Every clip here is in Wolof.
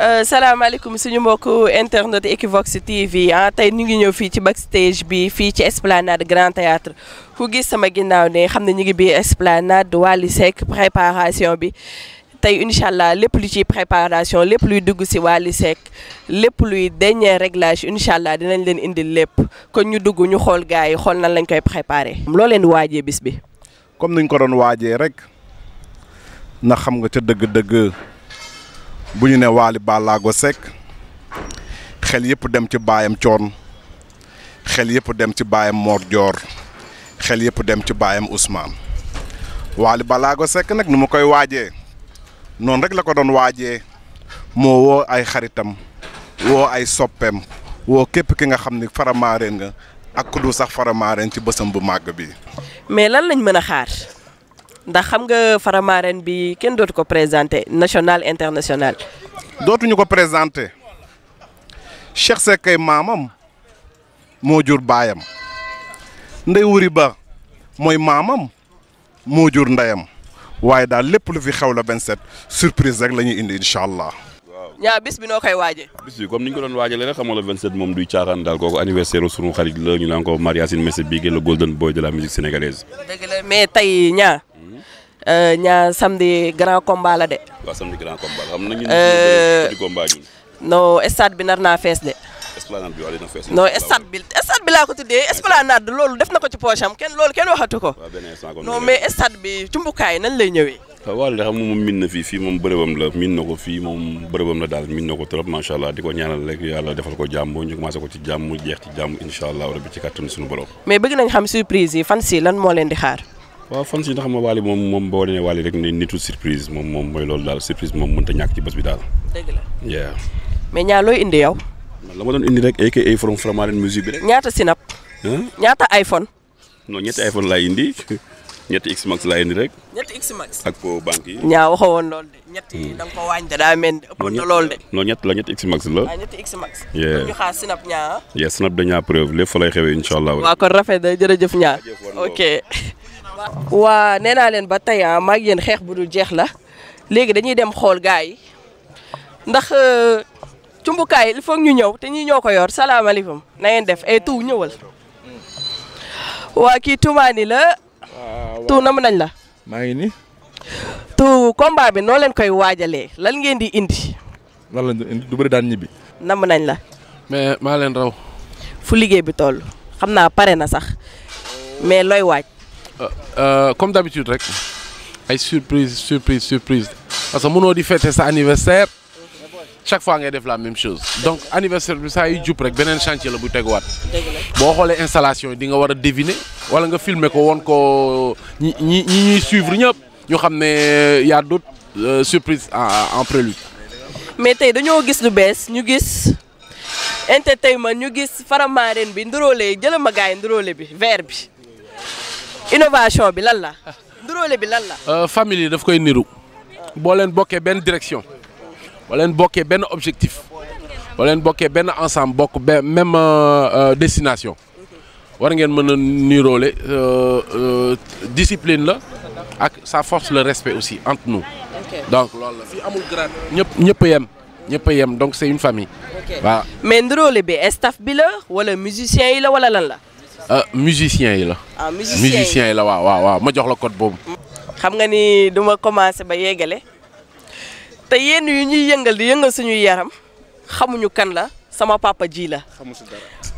Euh, salaamaaleykum suñu mbokk internet Equivox TV ah, tey ñu ngi ñëw fii ci backstage bi fii ci esplanade Grand Théâtre ku gis sama ginnaaw ne xam ne ñu ngi biir esplanade Wally Seck préparation bi tey incha allah lépp lu ci préparation lépp luy dugg si Wally Seck lépp luy dernier réglage incha allah dinañ leen indil lépp kon ñu dugg ñu xool gars yi xool nan lañ koy préparé. loo leen waajee bis bi. comme nañ ko doon waajee rek na xam nga ca dëgg-dëgg. bu ñu ne Waly Ballago Seck xel yëpp dem ci baayam coon xel yëpp dem ci baayam Mor Dior xel yëpp dem ci baayam Ousmane Waly Ballago Seck nag ni ma koy waajee noonu rek la ko doon waajee moo woo ay xaritam woo ay soppeem woo képp ki nga xam ni faramaareen nga ak ku du sax faramaareen ci bësam bu màgg bi mais lan lañ mën a xaar. ndax xam nga Faramareen bi kenn dootu ko présenté national international. dootuñu ko présenté Cheikh Seck kay maamam moo jur baayam ndey wuri ba mooy maamam moo jur ndeyam waaye daal lépp lu fi xew la 27 surprise rek la ñuy indi incha allah. ñaa bis bi noo koy waajee. bis bi comme ni ñu ko doon waajalee rek xam nga le 27 moom duy caaxaan daal kooku anniversaire sunu xarit la ñu naan ko Marie Yacine Messe bii la golden boy de la musique sénégalaise. Euh, ñaa samedi grand combat la de. waaw samedi grand combat xam nañu euh, petit stade bi nar naa fees de. esplanade bi waaw dina fees. non stade bi stade bi laa ko tuddee esplanade loolu def na ko ci poche am kenn loolu ko. non mais stade bi cumbukaay nan lay ñëwee. Ah, waaw li xam moom miin na fii fii moom bërëbam la miin na ko fii moom bërëbam la daal miin na ko trop macha allah di ko ñaanal rek yàlla defal ko jàmm ñu commencé ko ci jàmm jeex ci jàmm incha allah rabbi ci kàttanu suñu borom. fan si lan moo leen di xaar waaw fan si ndax ma Wally moom moom boo nee Wally rek ne nitu surprise moom mooy loolu daal surprise moom mënta ñàkk ci bés bi daal. la. mais ñaa indi yow. man la ma doon ay from Framaren musique bi rek. ñaata sinap. ñaata iPhone. non ñetti iPhone laay indi ñetti X Max laay indi rek. ñetti ñaa waxoo woon loolu de. ñetti hmm. da nga ko wàññi daa mel. ëpp na loolu de. non ñett la ñetti X Max la. waaw ah, ñetti X Max. yee ñu dañaa preuve lépp fa lay xewee incha allah. waaw kon rafet na jërëjëf ñaa ok. waa nee naa leen ba tey ah, maa ngi yéen xeex bu dul jeex la léegi dañuy dem xool gars yi ndax euh, cumbukaay il faut ñu ñëw te ñuy ñëw ko yor salaamaaleykum na ngeen def ay eh, tuw ñëwal. waa kii tumaani la. tuw nam nañ la. maa ngi bi noo leen koy waajalee lan ngeen di indi. lan lañ indi daan ñibbi. nam nañ la. mais maa leen raw. fu liggéey bi toll xam naa pare na sax mais looy waaj. Euh, euh, comme d'habitude rek ay surprise surprise surprise parce que mënoo di fêter sa anniversaire chaque fois ngay def la même chose donc anniversaire bi saa yu jub rek beneen chantier la bu teguwaat boo xoolee installation yi di nga war a deviner wala nga filmer ko won ko ñi ñi ñuy suivre ñëpp ñu xam ne euh, y a d'autres surprises en prélude mais tey dañoo gis lu bees ñu gis entertainment ñu gis Faramareen bi nduróole jëlama gaay nduróole bi verre bi innovation bi lan la. nduróole bi lan la. Euh, famille daf koy niru. boo leen bokkee benn direction. boo leen bokkee benn objectif. boo leen bokkee benn ensemble bokk benn même euh, euh, destination. war ngeen mën a niroole discipline la. ak ça force le respect aussi entre nous. donc loolu la amul grade. ñëpp ñëpp yem. ñëpp yem donc c'est une famille. voilà mais nduróole bi staff bi la wala musiciens yi la wala lan la. Ah, musicien yi la. ah musicien yi la waaw waaw ma jox la code boobu. xam nga ni duma commencé ba yeggale te yenn yu ñuy yëngal di yëngal suñuy yaram xamuñu kan la sama papa ji la.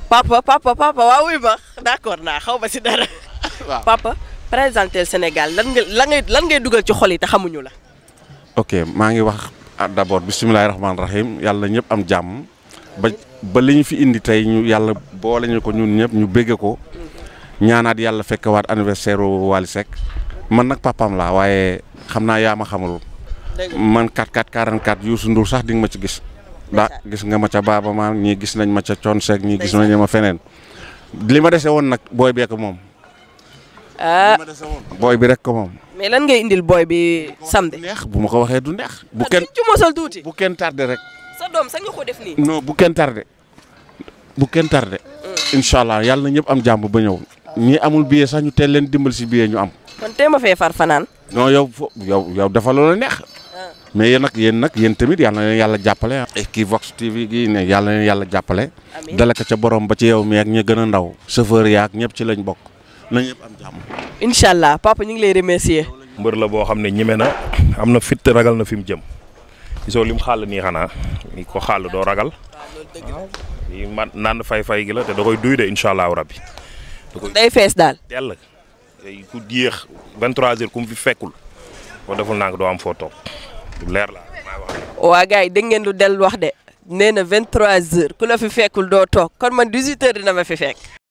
papa papa papa waaw wuy ma d'accord naa xaw ma si dara. waaw papa présentel Sénégal lan nga lan ngay lan ngay dugal ci xol yi te xamuñu la. ok maa ngi wax d'abord bisimilah rahmaani rahim yàlla ñëpp am jàmm ba. ba li ñu fi indi tey ñu yàlla boole ñu ko ñun ñëpp ñu bégge ko ñaanaat yàlla fekkewaat anniversaire Wally Seck man nag papaam laa waaye xam naa yaa ma xamaloon man 44 44 Youssou Ndour sax di nga ma ci gis daa gis nga ma ca baaba ma ñii gis nañ ma ca Thione Seck ñii gis nañ ma feneen li ma dese woon nag booy beek moom ah booy bi rek ko moom. mais lan ngay indil booy bi samedi. bu ma ko waxee du neex. bu kenn ah, ci mosal tuuti. bu kenn tardé rek. sa bu kenn tardé bu kenn tardé. Mm. incha allah yàlla na ñëpp am jàmb ba ñëw. ñi amul billet sax ñu teel leen dimbal si billet ñu am. kon tee fee far fanaan. non yow yow yow dafa loola neex. Ah. mais yéen nag yéen nag yéen tamit yàlla na yàlla jàppale ah. kii Vox TV gii ne yàlla na leen yàlla jàppale. amiin ca borom ba ci yow mi ak ña gën a ndaw. chauffeur yaak ñëpp ci lañ bokk na ñëpp am jàmm. incha allah papa ñu ngi lay remercier. mbër la boo xam ne ñeme na am na fit ragal na fi mu jëm. gisoo lim xàll nii xanaa ni ko xàll doo ragal yi man fay-fay gi la te da koy duy de incha rabbi day fees daal teel ku yéex 23 heures ku mu fi fekkul boo deful naa ko doo am foo toog leer la waa gars yi dégg lu dell wax de nee na 23 heures ku la fi fekkul doo toog kon man 18 heures dina ma fi fekk.